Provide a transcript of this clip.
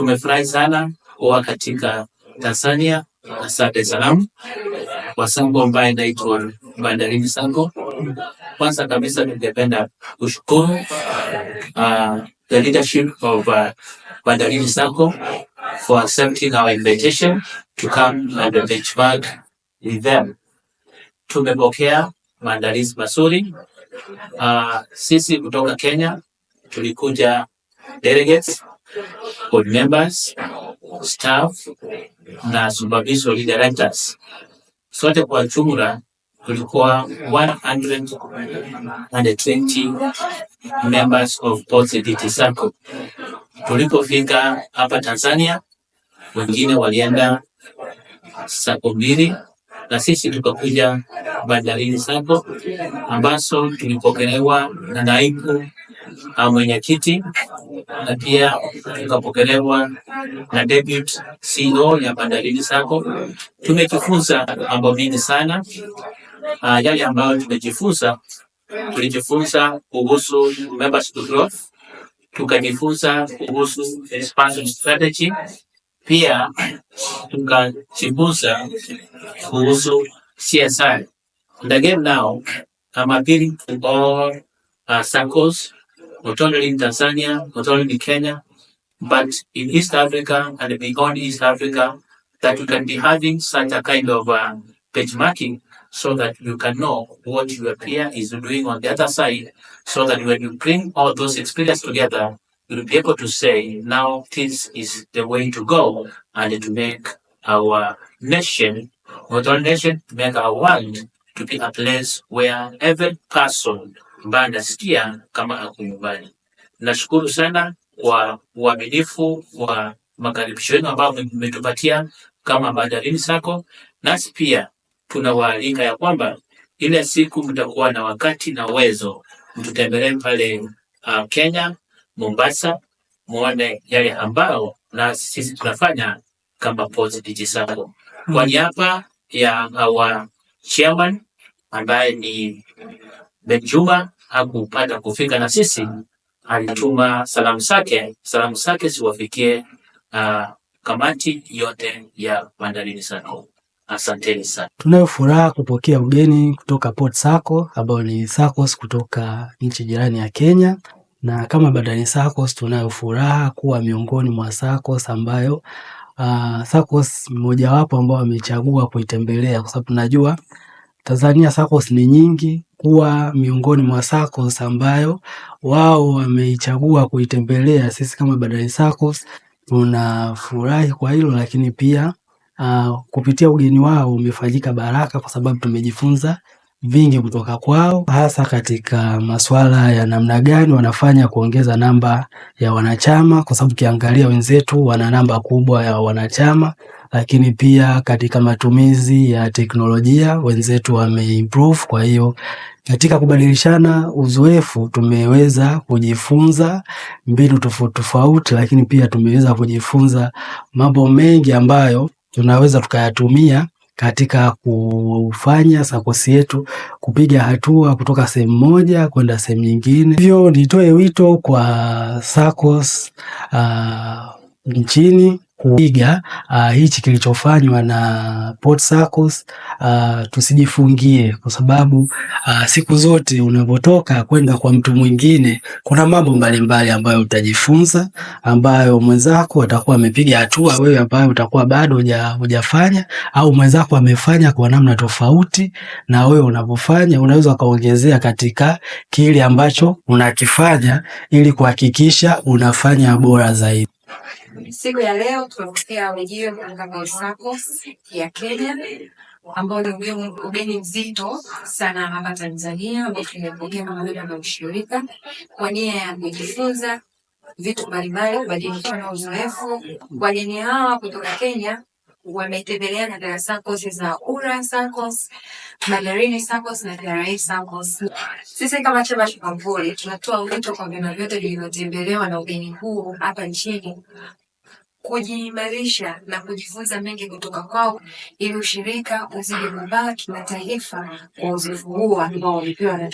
Tumefurahi sana kuwa katika Tanzania, hasa Dar es Salaam, kwa sango ambaye naitwa Bandarini Sango. Kwanza kabisa ningependa kushukuru uh, the leadership of uh, Bandarini Sango for accepting our invitation to come and benchmark with them. Tumepokea maandalizi mazuri. Uh, sisi kutoka Kenya tulikuja delegates board members, staff na supervisory directors. Sote kwa jumla tulikuwa 120 members of Port Sacco. Tulipofika hapa Tanzania, wengine walienda Sacco mbili na sisi tukakuja Bandarini Sacco ambazo tulipokelewa na naibu mwenyekiti na pia tukapokelewa na deputy CEO ya Bandarini Sacco. Tumejifunza mambo mengi sana. Uh, yale ambayo tumejifunza, tulijifunza kuhusu membership growth, tukajifunza kuhusu expansion strategy, pia tukajifunza kuhusu CSR. And again now, I'm appealing to all uh, SACCOs not only in Tanzania, not only in Kenya, but in East Africa and beyond East Africa, that we can be having such a kind of uh, benchmarking so that you can know what your peer is doing on the other side, so that when you bring all those experiences together, you'll be able to say, now this is the way to go and to make our nation, not only nation, make our world to be a place where every person ambaye anasikia kama ako nyumbani. Nashukuru sana kwa uaminifu wa makaribisho yenu ambao mmetupatia kama Madalini Sacco, nasi pia tunawaalika ya kwamba ile siku mtakuwa na wakati na uwezo mtutembelee pale uh, Kenya Mombasa, muone yale ambao na sisi tunafanya kama Posy Digi Sacco. Kwa niaba ya our chairman ambaye ni Benjuba hakupata kufika na sisi, alituma salamu zake, salamu zake ziwafikie uh, kamati yote ya Bandarini SACCO. Asanteni sana. Tunayo furaha kupokea ugeni kutoka Port SACCO ambao ni SACCOS kutoka nchi jirani ya Kenya, na kama Bandarini SACCOS tunayo furaha kuwa miongoni mwa SACCOS ambayo uh, SACCOS mmojawapo ambao amechagua kuitembelea kwa sababu tunajua Tanzania SACCOS ni nyingi, kuwa miongoni mwa SACCOS ambayo wao wameichagua kuitembelea. Sisi kama Bandari SACCOS tunafurahi kwa hilo, lakini pia uh, kupitia ugeni wao umefanyika baraka, kwa sababu tumejifunza vingi kutoka kwao, hasa katika masuala ya namna gani wanafanya kuongeza namba ya wanachama, kwa sababu ukiangalia wenzetu wana namba kubwa ya wanachama lakini pia katika matumizi ya teknolojia wenzetu wameimprove. Kwa hiyo katika kubadilishana uzoefu tumeweza kujifunza mbinu tofauti tofauti, lakini pia tumeweza kujifunza mambo mengi ambayo tunaweza tukayatumia katika kufanya sakosi yetu kupiga hatua kutoka sehemu moja kwenda sehemu nyingine. Hivyo nitoe wito kwa sakos uh, ah, nchini kuiga uh, hichi kilichofanywa na Port Saccos uh, tusijifungie kwa sababu uh, siku zote unapotoka kwenda kwa mtu mwingine kuna mambo mbalimbali ambayo utajifunza, ambayo mwenzako atakuwa amepiga hatua, wewe ambayo utakuwa bado hujafanya, au mwenzako amefanya kwa namna tofauti na wewe unapofanya, unaweza ukaongezea katika kile ambacho unakifanya ili kuhakikisha unafanya bora zaidi. Siku ya leo tumepokea ujio kutoka kwa SACCOS ya Kenya ambao ni ugeni mzito sana hapa Tanzania, ambao tumepokea pamoja na ushirika kwa nia ya kujifunza vitu mbalimbali, kubadilishana uzoefu. Wageni hawa kutoka Kenya wametembelea nadara SACCOS za URA SACCOS, Magarini SACCOS na TRA SACCOS. Sisi kama chama cha Mwamvuli tunatoa wito kwa vyama vyote vilivyotembelewa na ugeni huu hapa nchini kujiimarisha na kujifunza mengi kutoka kwao ili ushirika uzidi na kimataifa kwa uzoefu huo ambao wamepewa na